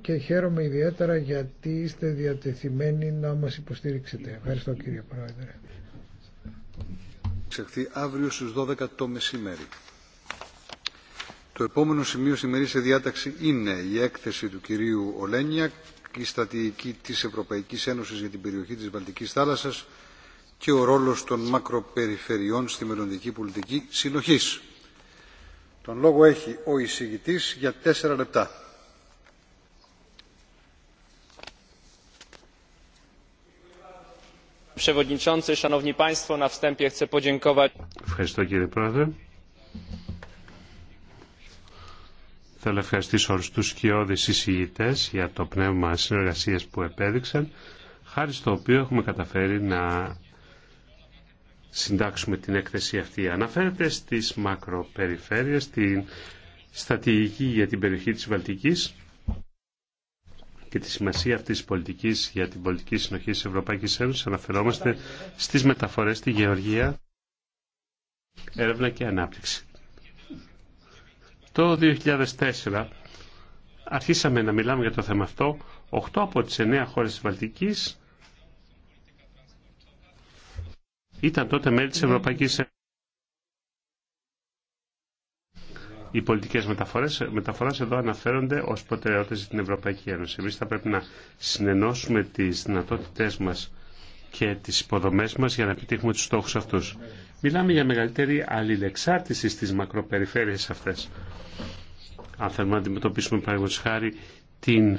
και χαίρομαι ιδιαίτερα γιατί είστε διατεθειμένοι να μας υποστηρίξετε. Ευχαριστώ κύριε Πρόεδρε. Ξεχθεί αύριο στις 12 το μεσημέρι. Το επόμενο σημείο σημερινή σε διάταξη είναι η έκθεση του κυρίου Ολένια η στρατηγική της Ευρωπαϊκής Ένωσης για την περιοχή της Βαλτικής θάλασσας και ο ρόλος των μακροπεριφερειών στη μελλοντική πολιτική συνοχής. Τον λόγο έχει ο εισηγητής για τέσσερα λεπτά. Ευχαριστώ κύριε Πρόεδρε. Θέλω να ευχαριστήσω όλους τους σκιώδεις εισηγητές για το πνεύμα συνεργασίας που επέδειξαν, χάρη στο οποίο έχουμε καταφέρει να συντάξουμε την έκθεση αυτή. Αναφέρεται στις μακροπεριφέρειες, στην στρατηγική για την περιοχή της Βαλτικής, και τη σημασία αυτής της πολιτικής για την πολιτική συνοχή της Ευρωπαϊκής Ένωσης αναφερόμαστε στις μεταφορές στη γεωργία, έρευνα και ανάπτυξη. Το 2004 αρχίσαμε να μιλάμε για το θέμα αυτό. 8 από τις 9 χώρες της Βαλτικής ήταν τότε μέλη της Ευρωπαϊκής Ένωσης. Οι πολιτικέ μεταφορέ εδώ αναφέρονται ω προτεραιότητε την Ευρωπαϊκή Ένωση. Εμεί θα πρέπει να συνενώσουμε τι δυνατότητέ μα και τι υποδομέ μα για να επιτύχουμε του στόχου αυτού. Μιλάμε για μεγαλύτερη αλληλεξάρτηση στι μακροπεριφέρειε αυτέ. Αν θέλουμε να αντιμετωπίσουμε, παραδείγματο χάρη, την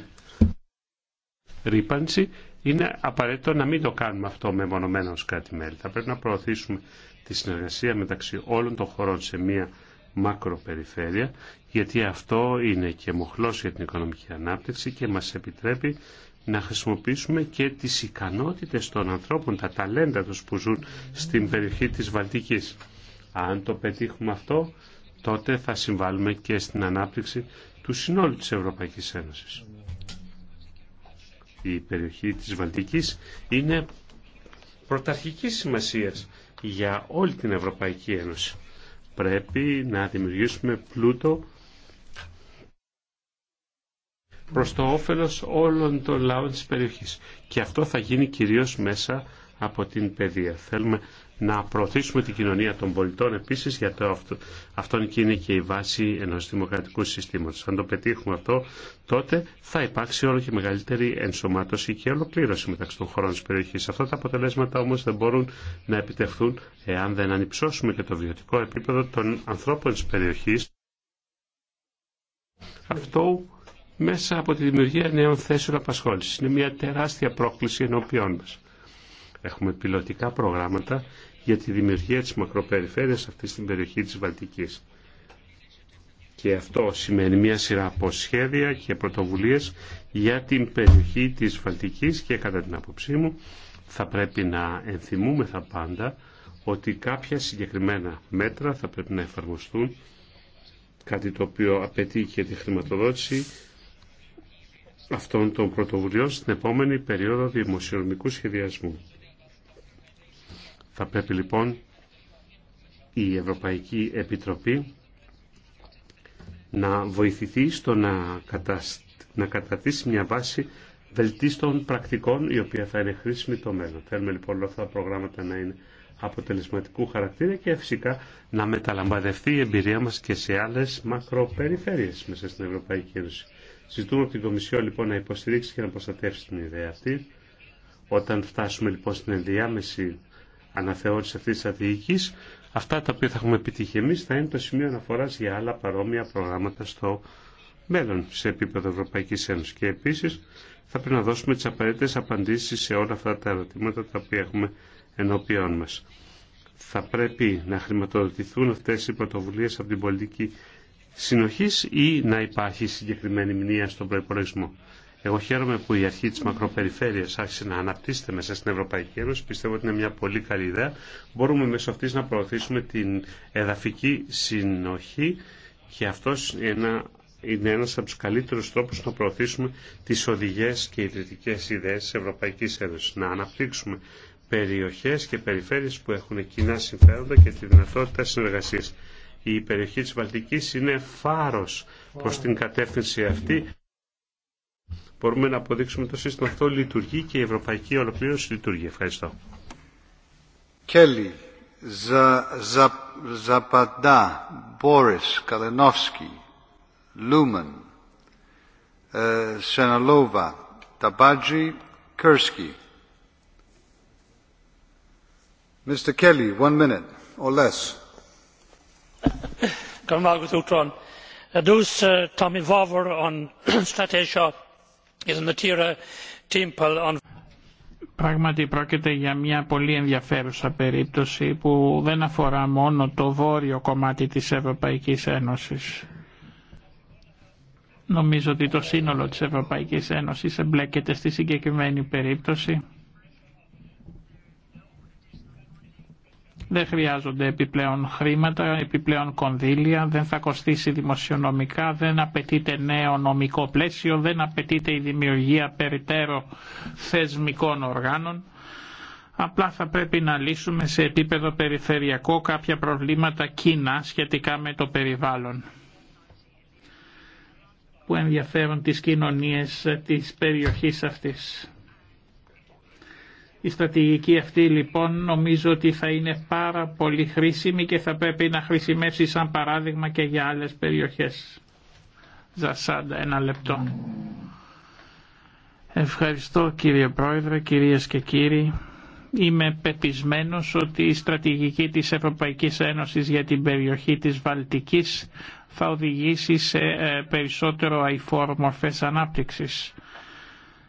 ρήπανση, είναι απαραίτητο να μην το κάνουμε αυτό με ω κράτη-μέλη. Θα πρέπει να προωθήσουμε τη συνεργασία μεταξύ όλων των χωρών σε μια μακροπεριφέρεια γιατί αυτό είναι και μοχλός για την οικονομική ανάπτυξη και μας επιτρέπει να χρησιμοποιήσουμε και τις ικανότητες των ανθρώπων, τα ταλέντα τους που ζουν στην περιοχή της Βαλτικής. Αν το πετύχουμε αυτό, τότε θα συμβάλλουμε και στην ανάπτυξη του συνόλου της Ευρωπαϊκής Ένωσης. Η περιοχή της Βαλτικής είναι πρωταρχική σημασίας για όλη την Ευρωπαϊκή Ένωση. Πρέπει να δημιουργήσουμε πλούτο προς το όφελος όλων των λαών της περιοχής. Και αυτό θα γίνει κυρίως μέσα από την παιδεία. Θέλουμε να προωθήσουμε την κοινωνία των πολιτών επίση γιατί αυτό. και είναι και η βάση ενό δημοκρατικού συστήματο. Αν το πετύχουμε αυτό, τότε θα υπάρξει όλο και μεγαλύτερη ενσωμάτωση και ολοκλήρωση μεταξύ των χωρών τη περιοχή. Αυτά τα αποτελέσματα όμω δεν μπορούν να επιτευχθούν εάν δεν ανυψώσουμε και το βιωτικό επίπεδο των ανθρώπων τη περιοχή. Αυτό μέσα από τη δημιουργία νέων θέσεων απασχόλησης. Είναι μια τεράστια πρόκληση ενώπιών μας. Έχουμε πιλωτικά προγράμματα για τη δημιουργία της μακροπεριφέρειας αυτή στην περιοχή της Βαλτικής. Και αυτό σημαίνει μια σειρά από σχέδια και πρωτοβουλίες για την περιοχή της Βαλτικής και κατά την άποψή μου θα πρέπει να θα πάντα ότι κάποια συγκεκριμένα μέτρα θα πρέπει να εφαρμοστούν κάτι το οποίο απαιτεί και τη χρηματοδότηση αυτών των πρωτοβουλειών στην επόμενη περίοδο δημοσιονομικού σχεδιασμού. Θα πρέπει λοιπόν η Ευρωπαϊκή Επιτροπή να βοηθηθεί στο να, να κατατήσει μια βάση βελτίστων πρακτικών η οποία θα είναι χρήσιμη το μέλλον. Θέλουμε λοιπόν όλα αυτά τα προγράμματα να είναι αποτελεσματικού χαρακτήρα και φυσικά να μεταλαμβανευτεί η εμπειρία μας και σε άλλες μακροπεριφέρειες μέσα στην Ευρωπαϊκή Ένωση. Ζητούμε από την Κομισιό λοιπόν να υποστηρίξει και να προστατεύσει την ιδέα αυτή. Όταν φτάσουμε λοιπόν στην ενδιάμεση αναθεώρηση αυτή τη αδίκη, αυτά τα οποία θα έχουμε επιτύχει εμεί, θα είναι το σημείο αναφοράς για άλλα παρόμοια προγράμματα στο μέλλον σε επίπεδο Ευρωπαϊκής Ένωση. Και επίση θα πρέπει να δώσουμε τι απαραίτητε απαντήσεις σε όλα αυτά τα ερωτήματα τα οποία έχουμε ενώπιόν μας. Θα πρέπει να χρηματοδοτηθούν αυτέ οι πρωτοβουλίε από την πολιτική συνοχή ή να υπάρχει συγκεκριμένη μνήμα στον προπολογισμό. Εγώ χαίρομαι που η αρχή τη μακροπεριφέρεια άρχισε να αναπτύσσεται μέσα στην Ευρωπαϊκή Ένωση. Πιστεύω ότι είναι μια πολύ καλή ιδέα. Μπορούμε μέσω αυτή να προωθήσουμε την εδαφική συνοχή και αυτό είναι ένα από του καλύτερου τρόπου να προωθήσουμε τι οδηγέ και ιδρυτικέ ιδέε τη Ευρωπαϊκή Ένωση. Να αναπτύξουμε περιοχέ και περιφέρειες που έχουν κοινά συμφέροντα και τη δυνατότητα συνεργασία. Η περιοχή τη Βαλτική είναι φάρο προ την κατεύθυνση αυτή μπορούμε να αποδείξουμε το σύστημα αυτό λειτουργεί και η ευρωπαϊκή ολοκλήρωση λειτουργεί. Ευχαριστώ. Kelly, Zapata, Boris, Kalinowski, Lumen, Senalova, Tabaji, Kursky. Mr. Kelly, one minute or less. Come on, Tron. Those Tommy Vavor on Strategia Πράγματι πρόκειται για μια πολύ ενδιαφέρουσα περίπτωση που δεν αφορά μόνο το βόρειο κομμάτι της Ευρωπαϊκής Ένωσης. Νομίζω ότι το σύνολο της Ευρωπαϊκής Ένωσης εμπλέκεται στη συγκεκριμένη περίπτωση. Δεν χρειάζονται επιπλέον χρήματα, επιπλέον κονδύλια, δεν θα κοστίσει δημοσιονομικά, δεν απαιτείται νέο νομικό πλαίσιο, δεν απαιτείται η δημιουργία περιττέρω θεσμικών οργάνων. Απλά θα πρέπει να λύσουμε σε επίπεδο περιφερειακό κάποια προβλήματα κοινά σχετικά με το περιβάλλον που ενδιαφέρουν τις κοινωνίες της περιοχής αυτής. Η στρατηγική αυτή λοιπόν νομίζω ότι θα είναι πάρα πολύ χρήσιμη και θα πρέπει να χρησιμεύσει σαν παράδειγμα και για άλλες περιοχές. Ζασάντα, ένα λεπτό. Ευχαριστώ κύριε Πρόεδρε, κυρίες και κύριοι. Είμαι πεπισμένος ότι η στρατηγική της Ευρωπαϊκής Ένωσης για την περιοχή της Βαλτικής θα οδηγήσει σε ε, περισσότερο αηφόρο μορφές ανάπτυξης.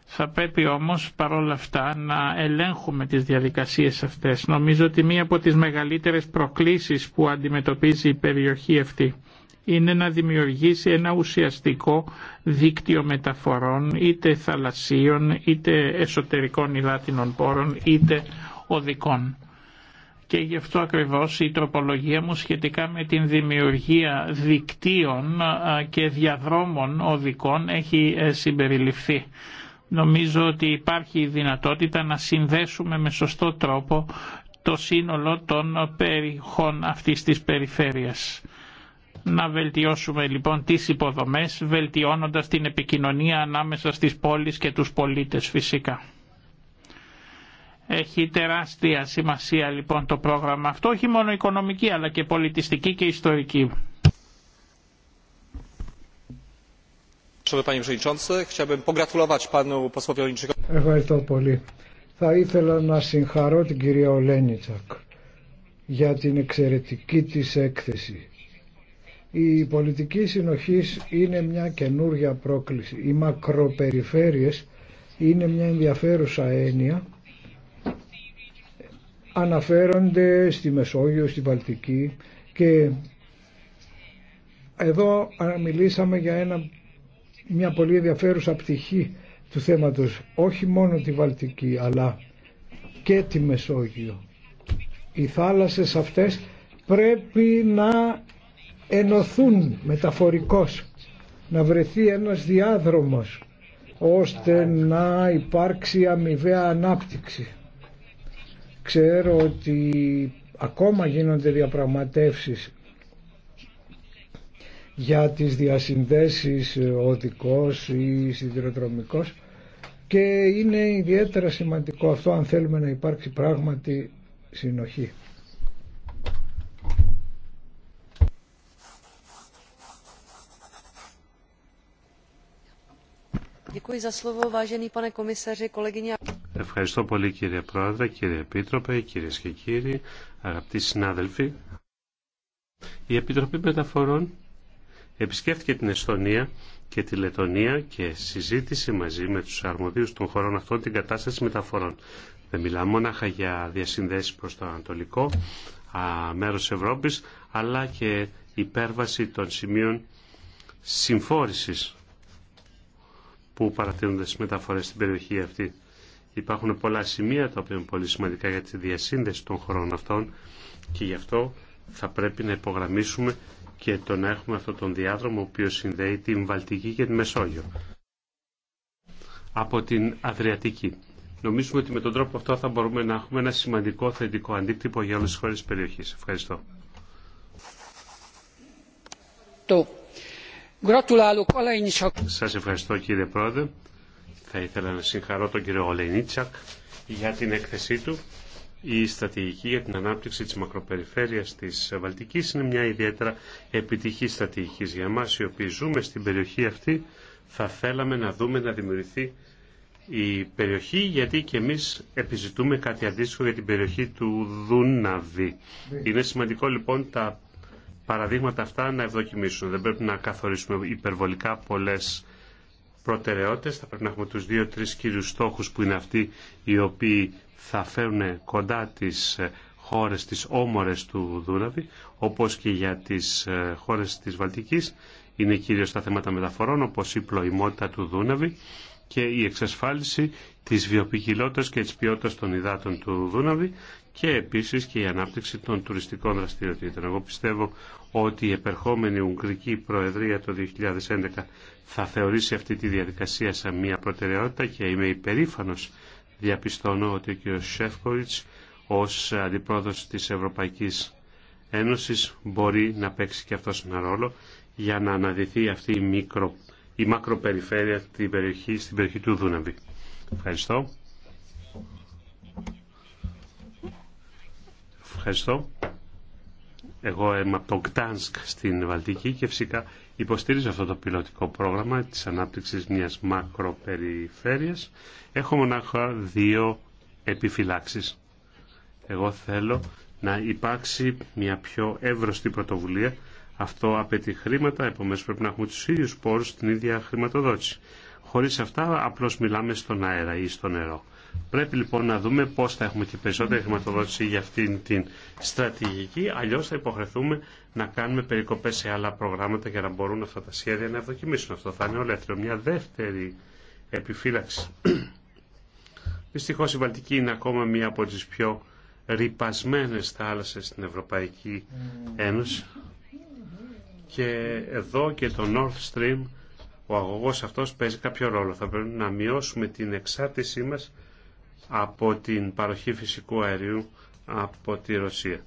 Θα πρέπει όμως παρόλα αυτά να ελέγχουμε τις διαδικασίες αυτές. Νομίζω ότι μία από τις μεγαλύτερες προκλήσεις που αντιμετωπίζει η περιοχή αυτή είναι να δημιουργήσει ένα ουσιαστικό δίκτυο μεταφορών είτε θαλασσίων, είτε εσωτερικών υδάτινων πόρων, είτε οδικών. Και γι' αυτό ακριβώς η τροπολογία μου σχετικά με την δημιουργία δικτύων ε, και διαδρόμων οδικών έχει ε, συμπεριληφθεί νομίζω ότι υπάρχει η δυνατότητα να συνδέσουμε με σωστό τρόπο το σύνολο των περιχών αυτής της περιφέρειας. Να βελτιώσουμε λοιπόν τις υποδομές, βελτιώνοντας την επικοινωνία ανάμεσα στις πόλεις και τους πολίτες φυσικά. Έχει τεράστια σημασία λοιπόν το πρόγραμμα αυτό, όχι μόνο οικονομική αλλά και πολιτιστική και ιστορική. Ευχαριστώ πολύ. Θα ήθελα να συγχαρώ την κυρία Ολένιτσακ για την εξαιρετική της έκθεση. Η πολιτική συνοχή είναι μια καινούργια πρόκληση. Οι μακροπεριφέρειες είναι μια ενδιαφέρουσα έννοια. Αναφέρονται στη Μεσόγειο, στη Βαλτική και εδώ μιλήσαμε για ένα μια πολύ ενδιαφέρουσα πτυχή του θέματος όχι μόνο τη Βαλτική αλλά και τη Μεσόγειο. Οι θάλασσες αυτές πρέπει να ενωθούν μεταφορικώς, να βρεθεί ένας διάδρομος ώστε να υπάρξει αμοιβαία ανάπτυξη. Ξέρω ότι ακόμα γίνονται διαπραγματεύσεις για τις διασυνδέσεις ε, οδικός ή σιδηροδρομικός και είναι ιδιαίτερα σημαντικό αυτό αν θέλουμε να υπάρξει πράγματι συνοχή. Ευχαριστώ πολύ κύριε Πρόεδρε, κύριε Επίτροπε, κύριε και κύριοι, αγαπητοί συνάδελφοι. Η Επιτροπή Μεταφορών επισκέφθηκε την Εστονία και τη Λετωνία και συζήτησε μαζί με τους αρμοδίους των χωρών αυτών την κατάσταση μεταφορών. Δεν μιλάμε μόναχα για διασύνδεση προς το Ανατολικό α, μέρος Ευρώπης, αλλά και υπέρβαση των σημείων συμφόρησης που παρατηρούνται στις μεταφορές στην περιοχή αυτή. Υπάρχουν πολλά σημεία τα οποία είναι πολύ σημαντικά για τη διασύνδεση των χωρών αυτών και γι' αυτό θα πρέπει να υπογραμμίσουμε και το να έχουμε αυτόν τον διάδρομο ο οποίος συνδέει την Βαλτική και τη Μεσόγειο από την Αδριατική. Νομίζουμε ότι με τον τρόπο αυτό θα μπορούμε να έχουμε ένα σημαντικό θετικό αντίκτυπο για όλες τις χώρες της περιοχής. Ευχαριστώ. Σας ευχαριστώ κύριε Πρόεδρε. Θα ήθελα να συγχαρώ τον κύριο Ολενίτσακ για την έκθεσή του η στρατηγική για την ανάπτυξη της μακροπεριφέρειας της Βαλτικής είναι μια ιδιαίτερα επιτυχή στρατηγική για εμά. οι οποίοι ζούμε στην περιοχή αυτή θα θέλαμε να δούμε να δημιουργηθεί η περιοχή γιατί και εμείς επιζητούμε κάτι αντίστοιχο για την περιοχή του Δούναβη. Είναι σημαντικό λοιπόν τα παραδείγματα αυτά να ευδοκιμήσουν. Δεν πρέπει να καθορίσουμε υπερβολικά πολλές προτεραιότητες. Θα πρέπει να έχουμε τους δύο-τρεις κύριους στόχους που είναι αυτοί οι οποίοι θα φέρουν κοντά τις ε, χώρες τις όμορες του Δούναβη, όπως και για τις ε, χώρες της Βαλτικής. Είναι κυρίως τα θέματα μεταφορών, όπως η πλοημότητα του Δούναβη και η εξασφάλιση της βιοποικιλότητας και της ποιότητας των υδάτων του Δούναβη και επίσης και η ανάπτυξη των τουριστικών δραστηριοτήτων. Εγώ πιστεύω ότι η επερχόμενη Ουγγρική Προεδρία το 2011 θα θεωρήσει αυτή τη διαδικασία σαν μια προτεραιότητα και είμαι υπερήφανος διαπιστώνω ότι ο κ. Σεφκοβιτς ως αντιπρόεδρος της Ευρωπαϊκής Ένωσης μπορεί να παίξει και αυτός ένα ρόλο για να αναδυθεί αυτή η μικρο η μακροπεριφέρεια στην περιοχή, στην περιοχή του Δούναβη. Ευχαριστώ. Ευχαριστώ. Εγώ είμαι από το Κτάνσκ στην Βαλτική και φυσικά υποστήριζω αυτό το πιλωτικό πρόγραμμα της ανάπτυξης μιας μακροπεριφέρειας. Έχω μονάχα δύο επιφυλάξεις. Εγώ θέλω να υπάρξει μια πιο εύρωστη πρωτοβουλία αυτό απαιτεί χρήματα, Επομένω πρέπει να έχουμε του ίδιου πόρου στην ίδια χρηματοδότηση. Χωρί αυτά απλώ μιλάμε στον αέρα ή στο νερό. Πρέπει λοιπόν να δούμε πώ θα έχουμε και περισσότερη χρηματοδότηση για αυτήν την στρατηγική, Αλλιώ θα υποχρεθούμε να κάνουμε περικοπέ σε άλλα προγράμματα για να μπορούν αυτά τα σχέδια να ευδοκιμήσουν. Αυτό θα είναι ολέθριο. Μια δεύτερη επιφύλαξη. Δυστυχώ η Βαλτική είναι ακόμα μία από τι πιο ρηπασμένε θάλασσε στην Ευρωπαϊκή Ένωση και εδώ και το North Stream ο αγωγός αυτός παίζει κάποιο ρόλο. Θα πρέπει να μειώσουμε την εξάρτησή μας από την παροχή φυσικού αερίου από τη Ρωσία.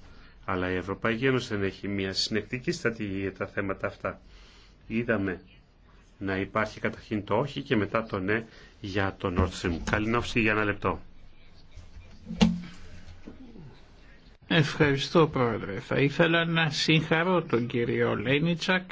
Αλλά η Ευρωπαϊκή Ένωση δεν έχει μια συνεκτική στρατηγική για τα θέματα αυτά. Είδαμε να υπάρχει καταρχήν το όχι και μετά το ναι για το North Stream. Καλή για ένα λεπτό. Ευχαριστώ πρόεδρε. Θα ήθελα να συγχαρώ τον κύριο Λένιτσακ.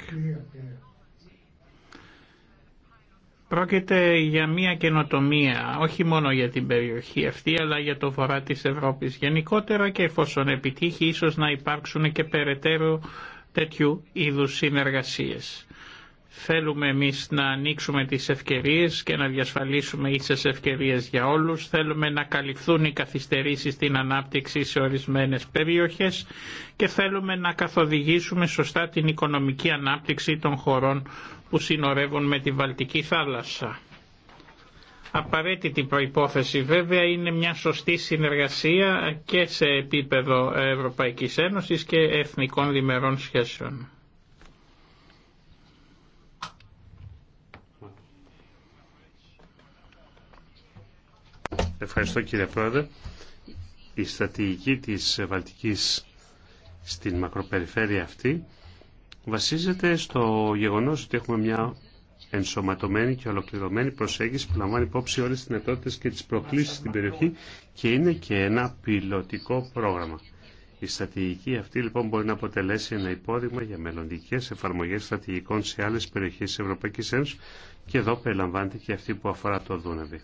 Πρόκειται για μια καινοτομία, όχι μόνο για την περιοχή αυτή, αλλά για το βορρά της Ευρώπης γενικότερα και εφόσον επιτύχει ίσως να υπάρξουν και περαιτέρω τέτοιου είδους συνεργασίες. Θέλουμε εμείς να ανοίξουμε τις ευκαιρίες και να διασφαλίσουμε ίσες ευκαιρίες για όλους. Θέλουμε να καλυφθούν οι καθυστερήσεις στην ανάπτυξη σε ορισμένες περιοχές και θέλουμε να καθοδηγήσουμε σωστά την οικονομική ανάπτυξη των χωρών που συνορεύουν με τη Βαλτική θάλασσα. Απαραίτητη προϋπόθεση βέβαια είναι μια σωστή συνεργασία και σε επίπεδο Ευρωπαϊκής Ένωσης και εθνικών διμερών σχέσεων. Ευχαριστώ κύριε Πρόεδρε. Η στρατηγική της Βαλτικής στην μακροπεριφέρεια αυτή βασίζεται στο γεγονός ότι έχουμε μια ενσωματωμένη και ολοκληρωμένη προσέγγιση που λαμβάνει υπόψη όλες τις δυνατότητες και τις προκλήσεις στην περιοχή και είναι και ένα πιλωτικό πρόγραμμα. Η στρατηγική αυτή λοιπόν μπορεί να αποτελέσει ένα υπόδειγμα για μελλοντικές εφαρμογές στρατηγικών σε άλλες περιοχές τη Ευρωπαϊκή Ένωση και εδώ περιλαμβάνεται και αυτή που αφορά το Δούναβι.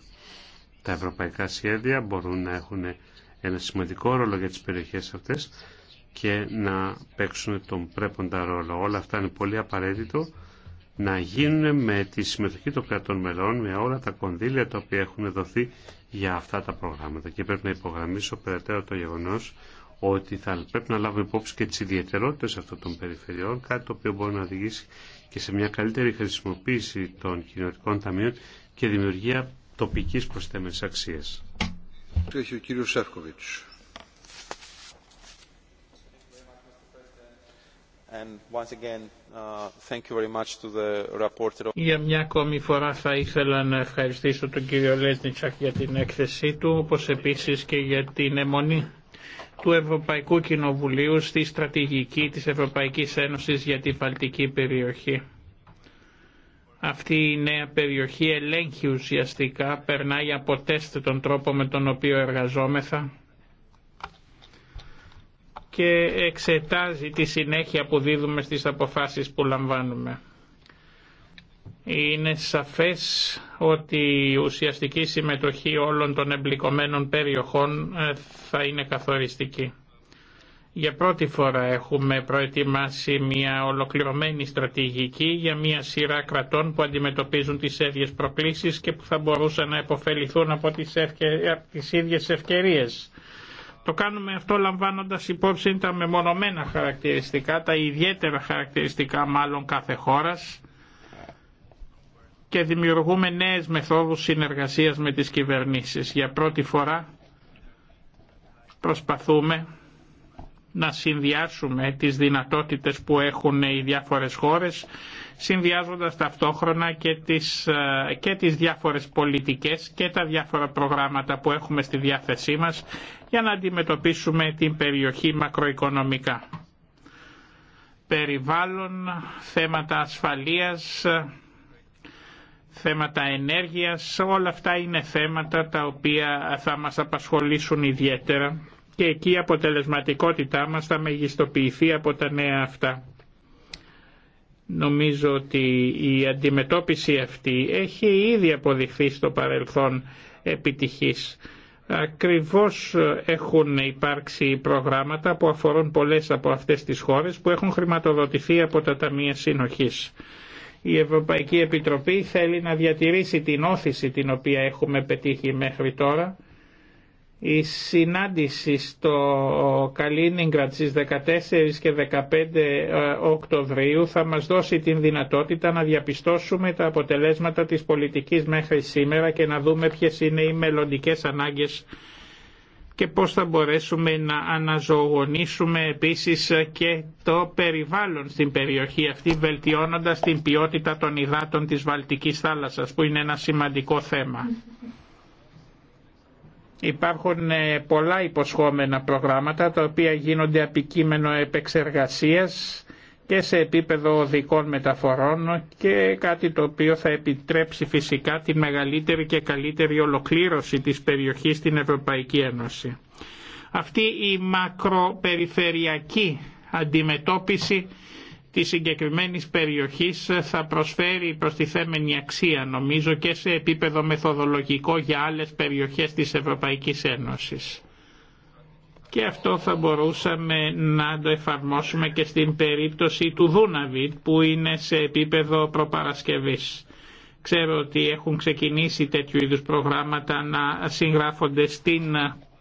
Τα ευρωπαϊκά σχέδια μπορούν να έχουν ένα σημαντικό ρόλο για τις περιοχές αυτές και να παίξουν τον πρέποντα ρόλο. Όλα αυτά είναι πολύ απαραίτητο να γίνουν με τη συμμετοχή των κρατών μελών, με όλα τα κονδύλια τα οποία έχουν δοθεί για αυτά τα προγράμματα. Και πρέπει να υπογραμμίσω περαιτέρω το γεγονό ότι θα πρέπει να λάβουμε υπόψη και τι ιδιαιτερότητε αυτών των περιφερειών, κάτι το οποίο μπορεί να οδηγήσει και σε μια καλύτερη χρησιμοποίηση των κοινωνικών ταμείων και δημιουργία τοπικής προσθέμενης αξίας. Uh, για μια ακόμη φορά θα ήθελα να ευχαριστήσω τον κύριο Λέσνιτσακ για την έκθεσή του, όπως επίσης και για την αιμονή του Ευρωπαϊκού Κοινοβουλίου στη στρατηγική της Ευρωπαϊκής Ένωσης για την Βαλτική περιοχή. Αυτή η νέα περιοχή ελέγχει ουσιαστικά, περνάει από τεστ τον τρόπο με τον οποίο εργαζόμεθα και εξετάζει τη συνέχεια που δίδουμε στις αποφάσεις που λαμβάνουμε. Είναι σαφές ότι η ουσιαστική συμμετοχή όλων των εμπλικωμένων περιοχών ε, θα είναι καθοριστική. Για πρώτη φορά έχουμε προετοιμάσει μια ολοκληρωμένη στρατηγική για μια σειρά κρατών που αντιμετωπίζουν τις ίδιες προκλήσεις και που θα μπορούσαν να επωφεληθούν από τις, ευκαι... από ίδιες ευκαιρίες. Το κάνουμε αυτό λαμβάνοντας υπόψη τα μεμονωμένα χαρακτηριστικά, τα ιδιαίτερα χαρακτηριστικά μάλλον κάθε χώρας και δημιουργούμε νέες μεθόδους συνεργασίας με τις κυβερνήσεις. Για πρώτη φορά προσπαθούμε να συνδυάσουμε τις δυνατότητες που έχουν οι διάφορες χώρες συνδυάζοντας ταυτόχρονα και τις, ε, και τις διάφορες πολιτικές και τα διάφορα προγράμματα που έχουμε στη διάθεσή μας για να αντιμετωπίσουμε την περιοχή μακροοικονομικά. Περιβάλλον, θέματα ασφαλείας, θέματα ενέργειας, όλα αυτά είναι θέματα τα οποία θα μας απασχολήσουν ιδιαίτερα και εκεί η αποτελεσματικότητά μας θα μεγιστοποιηθεί από τα νέα αυτά. Νομίζω ότι η αντιμετώπιση αυτή έχει ήδη αποδειχθεί στο παρελθόν επιτυχής. Ακριβώς έχουν υπάρξει προγράμματα που αφορούν πολλές από αυτές τις χώρες που έχουν χρηματοδοτηθεί από τα Ταμεία Συνοχής. Η Ευρωπαϊκή Επιτροπή θέλει να διατηρήσει την όθηση την οποία έχουμε πετύχει μέχρι τώρα η συνάντηση στο Καλίνιγκρατ στις 14 και 15 ε, Οκτωβρίου θα μας δώσει την δυνατότητα να διαπιστώσουμε τα αποτελέσματα της πολιτικής μέχρι σήμερα και να δούμε ποιες είναι οι μελλοντικές ανάγκες και πώς θα μπορέσουμε να αναζωογονήσουμε επίσης και το περιβάλλον στην περιοχή αυτή βελτιώνοντας την ποιότητα των υδάτων της Βαλτικής θάλασσας που είναι ένα σημαντικό θέμα. Υπάρχουν ε, πολλά υποσχόμενα προγράμματα τα οποία γίνονται απικείμενο επεξεργασίας και σε επίπεδο οδικών μεταφορών και κάτι το οποίο θα επιτρέψει φυσικά την μεγαλύτερη και καλύτερη ολοκλήρωση της περιοχής στην Ευρωπαϊκή Ένωση. Αυτή η μακροπεριφερειακή αντιμετώπιση της συγκεκριμένης περιοχής θα προσφέρει προστιθέμενη αξία νομίζω και σε επίπεδο μεθοδολογικό για άλλες περιοχές της Ευρωπαϊκής Ένωσης. Και αυτό θα μπορούσαμε να το εφαρμόσουμε και στην περίπτωση του Δούναβιτ που είναι σε επίπεδο προπαρασκευής. Ξέρω ότι έχουν ξεκινήσει τέτοιου είδους προγράμματα να συγγράφονται στην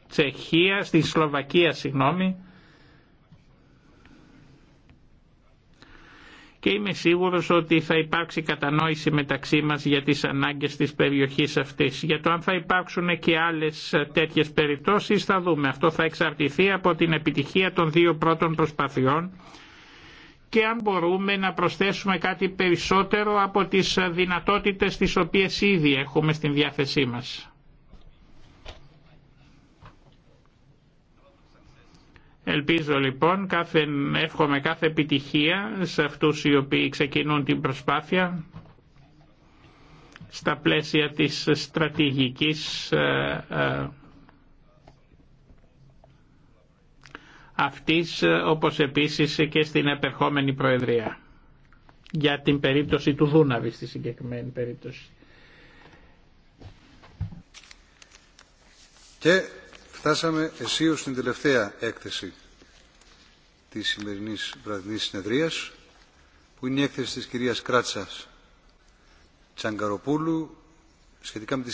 Τσεχία, στην Σλοβακία συγγνώμη, και είμαι σίγουρος ότι θα υπάρξει κατανόηση μεταξύ μας για τις ανάγκες της περιοχής αυτής. Για το αν θα υπάρξουν και άλλες τέτοιες περιπτώσεις θα δούμε. Αυτό θα εξαρτηθεί από την επιτυχία των δύο πρώτων προσπαθειών και αν μπορούμε να προσθέσουμε κάτι περισσότερο από τις δυνατότητες τις οποίες ήδη έχουμε στην διάθεσή μας. Ελπίζω λοιπόν, κάθε, εύχομαι κάθε επιτυχία σε αυτούς οι οποίοι ξεκινούν την προσπάθεια στα πλαίσια της στρατηγικής ε, ε, αυτής, ε, όπως επίσης και στην επερχόμενη Προεδρία για την περίπτωση του Δούναβη στη συγκεκριμένη περίπτωση. Και Φτάσαμε εσείς στην τελευταία έκθεση της σημερινής βραδινής συνεδρίας, που είναι η έκθεση της κυρίας Κράτσας Τσαγκαροπούλου σχετικά με τη